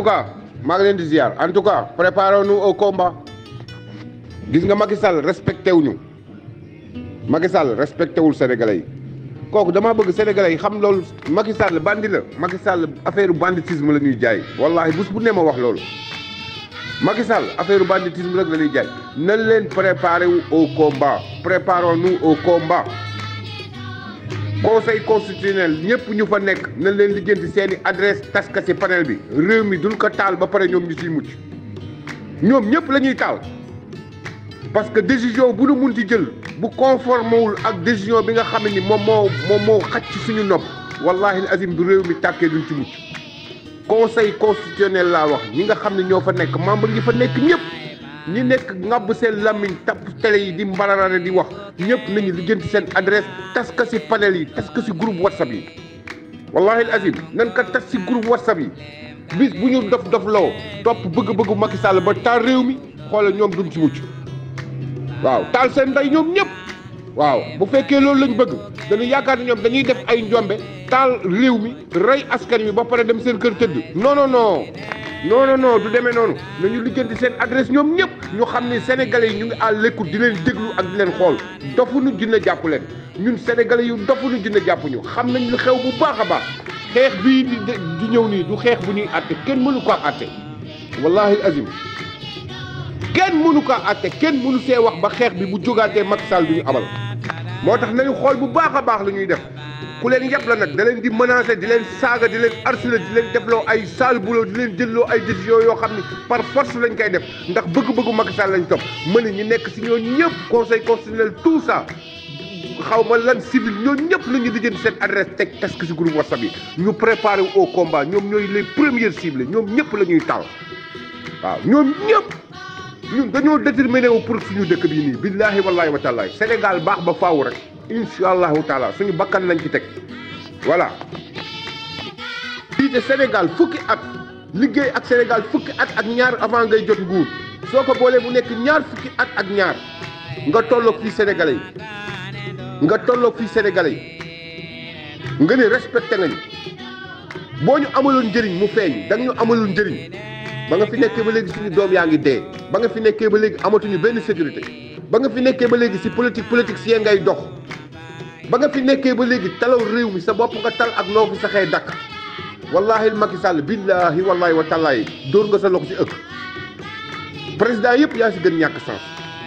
tout cas maa ngi leen di ziar en tout cas préparons-nous au nga Macky Sall respecté wuñu Macky Sall respecté wul sénégalais yi kooku dama bëgg sénégalais yi xam loolu Macky Sall bandi la Macky Sall affaire banditisme la ñuy jaay wallahi bu ne ma wax loolu Macky Sall affaire banditisme rek la leen préparer wu au combat préparons-nous au conseil constitutionnel ñëpp ñu fa nekk nañ leen lijjanti seeni i adresse taska ci panel bi réew mi duñ ko taal ba pare ñoom ñu ciy mucc ñoom ñëpp la ñuy taal parce que décision bu nu mun ci jël bu conforme wul ak décision bi nga xam ni moom moo moom moo xaj ci suñu nopp wallahi azim du réew mi tàkkee duñ ci mucc conseil constitutionnel laa wax ñi nga xam ne ñoo fa nekk membre ñi fa nekk ñëpp ñi nekk ngàbb seen làmmiñ tapp télé yi di mbararare di wax ñëpp nañu lijjanti seen adresse tas ko ci panel yi tas ko ci groupe whatsapp yi wallahi al azim nan ko tas ci groupe whatsapp yi bis bu ñu dof dof loo topp bëgg-bëggu Macky Sall ba taal réew mi xoolal ñoom duñ ci mucc waaw taal seen ndey ñoom ñëpp waaw bu fekkee loolu lañ bëgg dañu yaakaar ne ñoom dañuy def ay njombe taal réew mi rey askan wi ba pare dem seen kër tëdd non non non non noonu non du demee noonu nañu lijjanti seen adresse ñoom ñëpp ñu xam ni sénégalais yi ñu ngi àll l'écoute di leen déglu ak leen xool dofuñu junne jàpp leen ñun sénégalais yu dofuñu junne jàppu ñu xam nañ lu xew bu baax a baax xeex bii di di ñëw nii du xeex bu ñuy àtte kenn mënu ko àtte wallahi azim kenn mënu ko àtte kenn mënu see wax ba xeex bi bu jógaatee Macky Sall du ñu abal moo tax nañu xool bu baax a baax la ñuy def ku leen yàpp la nag da leen di menacer di leen saaga di leen harceler di leen defloo ay sale boulot di leen jëlloo ay décisions yoo xam ni par force lañ koy def ndax bëgg-bëggu Macky Sall lañ topp mën ñu nekk si ñooñu ñëpp conseil constitutionnel tout ça xaw ma lan civil ñooñu ñëpp la ñu di jënd seen adresse teg task si groupe WhatsApp yi ñu préparé au combat ñoom ñooy les premières cibles ñoom ñëpp la ñuy taal waaw ñoom ñëpp ñun dañoo déterminé wu pour suñu dëkk bii nii billaahi wallaahi wa taala Sénégal baax ba faaw rek. incha allahu taala suñu bakkan lañ ci teg voilà. jiite Sénégal fukki at liggéey ak Sénégal fukki at ak ñaar avant ngay jot nguur soo ko boolee bu nekk ñaar fukki at ak ñaar nga tolloog fii sénégalais yi nga tolloog fii sénégalais yi nga ni respecté nga boo ñu amaloon njëriñ mu feeñ da nga ñu amaloon njëriñ ba nga fi nekkee ba léegi suñu doom yaa ngi dee ba nga fi nekkee ba léegi amatuñu benn sécurité ba nga fi nekkee ba léegi si politique politique si ngay dox. ba nga fi nekkee ba léegi talaw réew mi sa bopp nga tal ak loo fi saxee dakk wallaahi Macky Sall billaahi wallaahi wa tallaay dóor nga sa loxo ci ëpp président yëpp yaa si gën ñàkk sens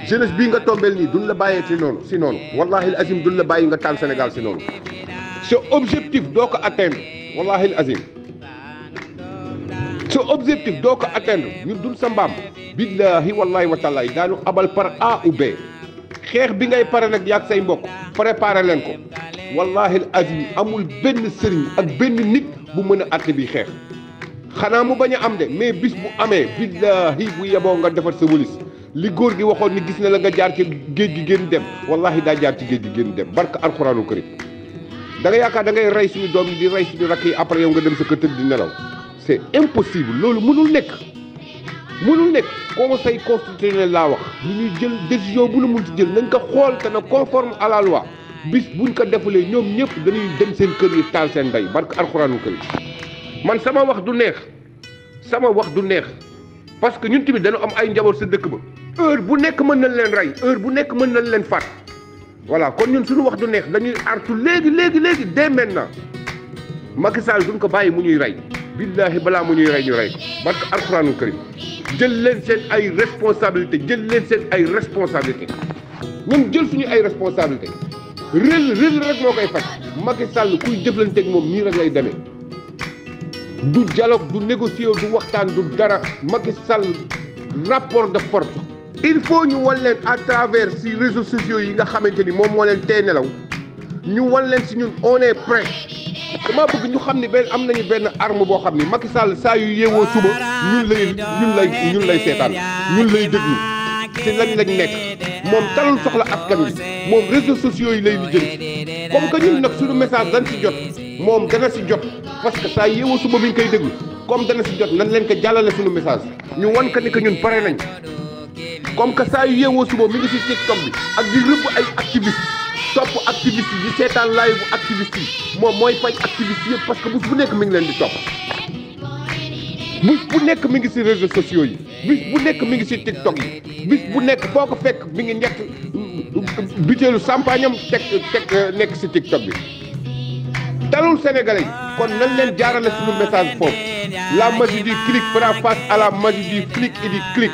jeunesse bii nga tombeel nii dun la bàyyee ci noonu si noonu wallaahi al azim duñ la bàyyi nga taal Sénégal si noonu sa objectif doo ko atteindre wallaahi al azim sa objectif doo ko atteindre ñun duñ sa mbaam billaahi wallaahi wa tallaay daanu abal par A ou xeex bi ngay pare nag yàgg say mbokk préparé leen ko wallahi azim amul benn sëriñ ak benn nit bu mën a àtte bi xeex xanaa mu bañ a am de mais bis bu amee billahi bu yeboo nga defar sa walis li góor gi waxoon ni gis na la nga jaar géej gi génn dem wallahi daa jaar ci géej gi génn dem barka alxuraanu karim da nga yaakaar da ngay rey suñu doom yi di rey suñu rakk yi après yow nga dem sa kër tëdd di nelaw c'est impossible loolu mënul nekk mënul nekk koo conseil constitutionnel laa wax lu ñuy jël décision bu nu mun ci jël nañ ko xool te na conforme à la loi bis buñ ko defulee ñoom ñëpp dañuy dem seen kër yi taal seen ndey barke alxuraanu kër man sama wax du neex sama wax du neex parce que ñun tamit dañu am ay njaboot sa dëkk ba heure bu nekk mën nañ leen rey heure bu nekk mën nañ leen faat voilà kon ñun suñu wax du neex dañuy artu léegi léegi léegi dès na Macky Sall duñ ko bàyyi mu ñuy rey billaahi balaa mu ñuy rey ñu rey ko barke alxuraanu karim jël leen seen ay responsabilité jël leen seen ay responsabilité ñun jël suñu ay responsabilité réel réel rek moo koy faj Macky Sall kuy jëflanteeg moom nii rek lay demee du dialogue du négocier du waxtaan du dara Macky Sall rapport de force. il faut ñu wan leen à travers si réseaux sociaux yi nga xamante ni moom moo leen tey nelaw ñu wan leen si ñun on est damaa bëgg ñu xam ne benn am nañu benn arme boo xam ni Macky Sall saa yu yeewoo suba ñun lay ñun lay ñun lay seetaan ñun lay déglu ci lañ lañ nekk moom talul soxla askan wi moom réseaux sociaux yi lay lijjanti comme que ñun nag suñu message dañ moom dana si jot parce que saa yeewoo suba mi koy déglu comme dana si jot nañ leen ko jàllale suñu message ñu wan ko ni que ñun pare nañ comme que saa yu yeewoo suba mi ngi si TikTok bi ak di rëbb ay activiste topp activiste yi di seetaan live bu activiste yi moom mooy fay activiste yëpp parce que bés bu nekk mi ngi leen di topp bés bu nekk mi ngi ci réseaux sociaux yi bés bu nekk mi ngi ci TikTok yi bés bu nekk foo ko fekk mi ngi nekk butéelu mm, sampaañam teg teg nekk ci TikTok bi talul sénégalais yi kon nan leen jaarale suñu message foofu la magie du clic fera face à la magie du flic et du clic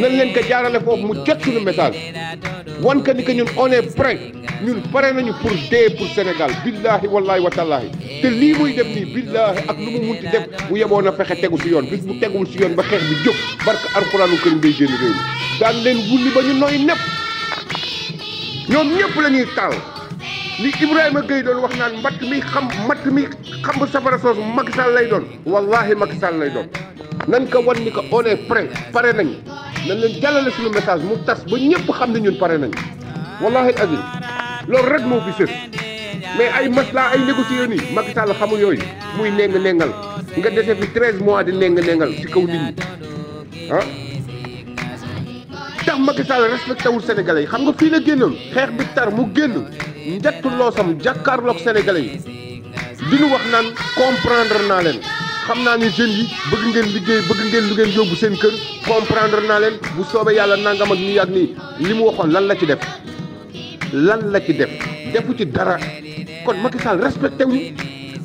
nañ leen ko jaarale foofu mu jot suñu message wan que ni que ñun on est prêt ñun pare nañu pour dee pour Sénégal billahi wallahi wa tallaahi te lii muy def nii ak lu mu munti def bu yeboon a fexe tegu si yoon bis bu teguwul si yoon ba xeex bi jóg barke alxuraanu kërim day génn réew mi daan leen wulli ba ñu nooy nepp ñoom ñëpp la ñuy taal li Ibrahima Gueye doon wax naan matt mi xam matt mi xam bu safara soos Macky Sall lay doon wallahi Macky Sall lay doon nan ko wan ni ko on est prêt pare nañu nañ leen jàllale suñu message mu tas ba ñëpp xam ne ñun pare nañ wallahi azim loolu rek moo fi sës mais ay maslaa ay négocié nii Macky Sall yooyu muy neng nengal nga dese fi treize mois di neng nengal ci kaw nit ñi ah tax Macky Sall respecté yi xam nga fii la génnoon xeex bi tar mu génn njattu loosam jàkkaarloog sénégalais yi di ñu wax naan comprendre naa leen xam naa ne jeunes yi bëgg ngeen liggéey bëgg ngeen lu ngeen yóbbu seen kër comprendre naa leen bu soobee yàlla nangam ak nii ak nii li mu waxoon lan la ci def lan la ci def defu ci dara kon Macky Sall respecté wuñu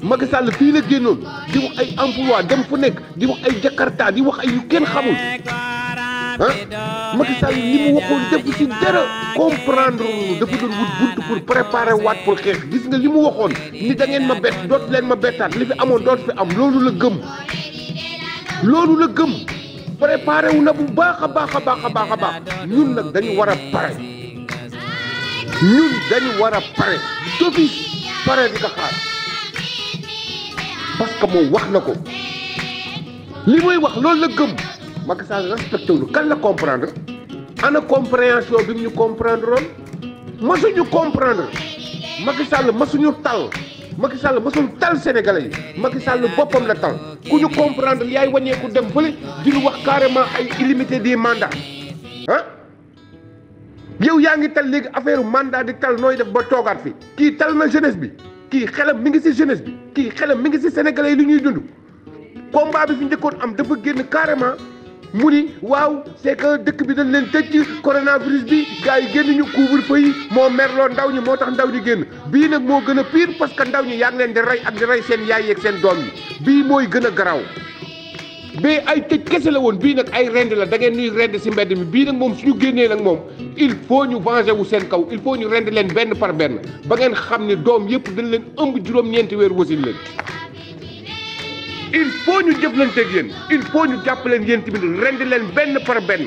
Macky Sall fii la génnoon di wax ay emploi dem fu nekk di wax ay Jakarta di wax ay yu kenn xamul ah Macky Sall li mu waxoon def ci dara comprendre dafa doon wut bunt pour préparer waat pour xeex gis nga li mu waxoon ni da ma bett doot leen ma bettaat li fi amoon doot fi am loolu la gëm loolu la gëm préparé wu na bu baax a baax a baax a baax a baax ñun nag dañu war a pare ñun dañu war a pare d'office pare di ko xaar parce moom wax na ko li muy wax loolu la gëm Macky Sall respecté wuñu kan la comprendre ana compréhension bi mu ñu comprendre ma masuñu comprendre Macky Sall masuñu tal Macky Sall masul tal Sénégalais yi Macky Sall boppam la tal ku ñu comprendre yaay wàññeeku dem fële di ñu wax carrément ay illimité des mandats ah. yow yaa ngi tal léegi affaire mandat di tal nooy def ba toogaat fi kii tal na jeunesse bi kii xelam mi ngi si jeunesse bi kii xelam mi ngi si sénégalais yi li ñuy dund combat bi fi njëkkoon am dafa génn carrément. mu ni waaw c'est que dëkk bi dañ leen tëj coronavirus bi gars yi génn ñu couvre-feu yi moo merloo ndaw ñi moo tax ndaw ñi génn bii nag moo gën a piir parce que ndaw ñi yaa ngi leen di rey ak di rey seen yaay yeeg seen doom yi bii mooy gën a garaw mais ay tëj kese la woon bii nag ay rend la da ngeen ñuy rend si mbedd mi bii nag moom suñu génnee nag moom il faut ñu venger wu seen kaw il faut ñu rend leen benn par benn ba ngeen xam ne doom yëpp dañ leen ëmb juróom-ñeenti weer wasin leen il faut ñu jëflanteeg yéen il faut ñu jàppaleen yéen tamit rendi leen benn par benn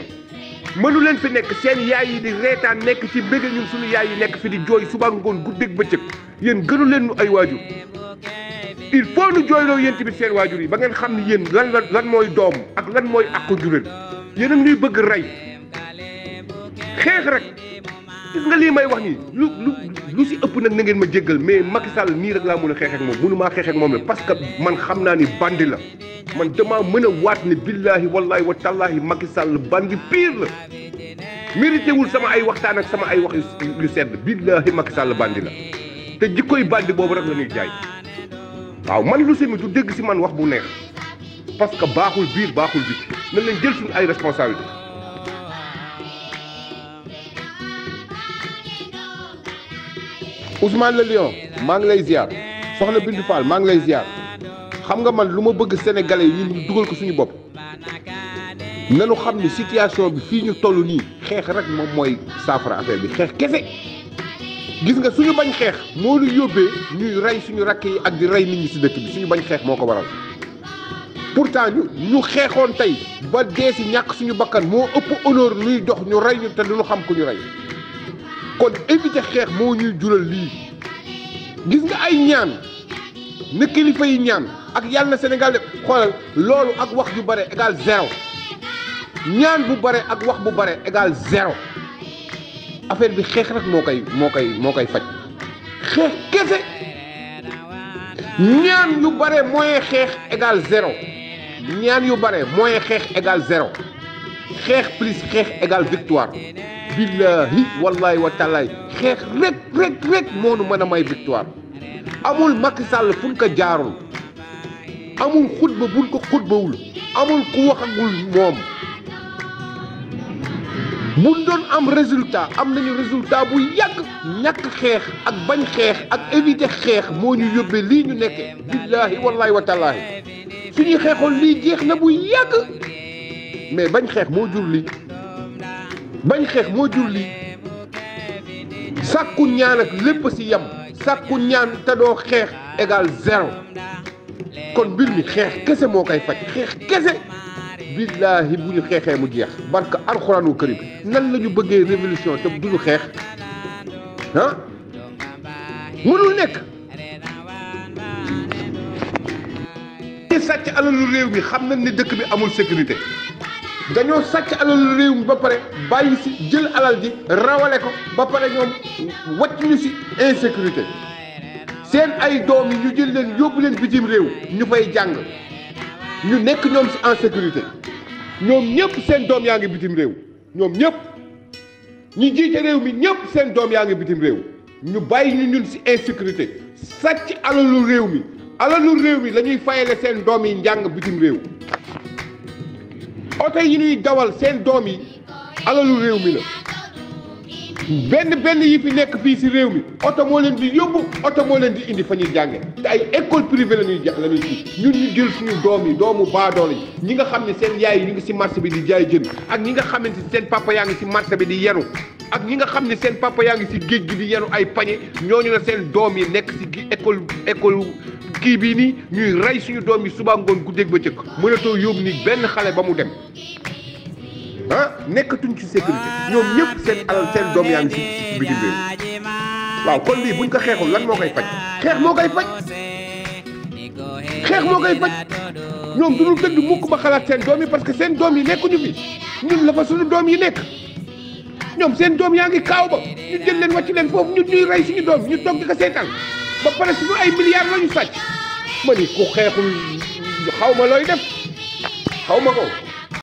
mënu leen fi nekk seen yaay yi di reetaan nekk ci mbége ñun suñu yaay yi nekk fi di jooy suba ngoon guddeeg bëccëg yéen gënu leen ñu ay waajur il fo ñu jooyloo yéen tamit seen waajur yi ba ngeen xam ne yéen lan lan mooy doom ak lan mooy ak juréen yéen a ñuy bëgg rey xeex rek gis nga lii may wax nii lu lu lu si ëpp nag na ngeen ma jéggal mais Macky Sall nii rek laa mun a xeex ak moom mënu maa xeex ak moom la parce man xam naa ni bandi la man damaa mën a waat ne billaahi wallaahi wa tallaahi Macky Sall bandi pire la mérité wul sama ay waxtaan ak sama ay wax yu sedd billaahi Macky Sall bandi la te jikkoy bandi boobu rek la ñuy jaay waaw man lu semi du dégg si man wax bu neex parce que baaxul biir baaxul bi nañ leen jël suñu ay responsabilité Ousmane Le Lion maa ngi lay ziar soxna bindu Fall maa ngi lay ziar xam nga man lu ma bëgg sénégalais yi ñu dugal ko suñu bopp nanu xam ni situation bi fii ñu toll nii xeex rek moom mooy saafara affaire bi xeex kese. gis nga suñu bañ xeex moo lu yóbbee ñuy rey suñu rakk yi ak di rey nit ñi si dëkk bi suñu bañ xeex moo ko waral pourtant ñu ñu xeexoon tey ba dee si ñàkk suñu bakkan moo ëpp honneur luy dox ñu rey ñu te duñu xam ku ñu rey. kon éviter xeex moo ñuy jural lii gis nga ay ñaan ne kilifa yi ñaan ak yàlla na Sénégal de xoolal loolu ak wax yu bare égal zéro ñaan bu bare ak wax bu bare égal zéro affaire bi xeex rek moo koy moo koy moo koy faj xeex kese ñaan yu bare moyen xeex égal zéro ñaan yu bare moyen xeex égal zéro xeex plus xeex égal victoire billahi wallahi wa taalaay xeex rek rek rek moo nu mën a may victoire amul Macky Sall fu ñu ko jaarul amul xutba buñ ko xutbawul amul ku moom buñ doon am résultat am nañu résultat bu yàgg ñàkk xeex ak bañ xeex ak éviter xeex moo ñu yóbbee lii ñu nekkee billahi wallahi wa taalaay su ñuy xeexoon lii jeex na bu yàgg bañ xeex moo jur lii bañ xeex moo jur lii sàkku ñaan ak lépp si yem sàkku ñaan te doo xeex égal zéro kon mbir mi xeex kese moo koy faj xeex kese billaahi bu ñu xeexee mu jeex barka alxuraanu karim nan la ñu bëggee révolution te duñu xeex ah mënul nekk ñi sàcc alalu réew mi xam nañ ne dëkk bi amul sécurité dañoo sàcc alal réew mi ba pare bàyyi si jël alal ji rawale ko ba pare ñoom wàcc ñu si insécurité seen ay doom yi ñu jël leen yóbbu leen bitim réew ñu fay jàng ñu nekk ñoom si en sécurité ñoom ñëpp seen doom yaa ngi bitim réew ñoom ñëpp ñu a réew mi ñëpp seen doom yaa ngi bitim réew ñu bàyyi ñu ñun si insécurité sàcc alalu réew mi alalu réew mi lañuy ñuy seen doom yi njàng bitim réew oto yi ñuy dawal seen doom yi alalu réew mi la benn benn yi fi nekk fii si réew mi oto moo leen di yóbbu oto moo leen di indi fa ñuy jànge te ay école privée la ñuy jax la ñuy ci ñun ñu jël suñu doom yi doomu baadoolo yi ñi nga xam ne seen yaay yi ñu ngi si marché bi di jaay jën ak ñi nga xamante ne seen papa yaa ngi si marché bi di yenu ak ñi nga xam ne seen papa yaa ngi si géej gi di yenu ay pañe ñu ne seen doom yi nekk si école école kii bii nii ñuy rey suñu doom yi suba ngoon guddeeg ba cëkk mënatoo yóbbu ni benn xale ba mu dem ah nekkatuñ ci sécurité ñoom ñëpp seen alal seen doom yaa ngi si bitim réew waaw kon lii buñ ko xeexul lan moo koy faj xeex moo koy faj xeex moo koy faj ñoom du ñu dëgg mukk ba xalaat seen doom yi parce que seen doom yi nekkuñu fi ñun la fa suñu doom yi nekk ñoom seen doom yaa ngi kaaw ba ñu jël leen wàcc leen foofu ñun ñuy rey suñu doom ñu toog di ko ba pare suñu ay milliards la ñu sàcc ma ni ku xeexul xaw ma looy def xaw ma ko.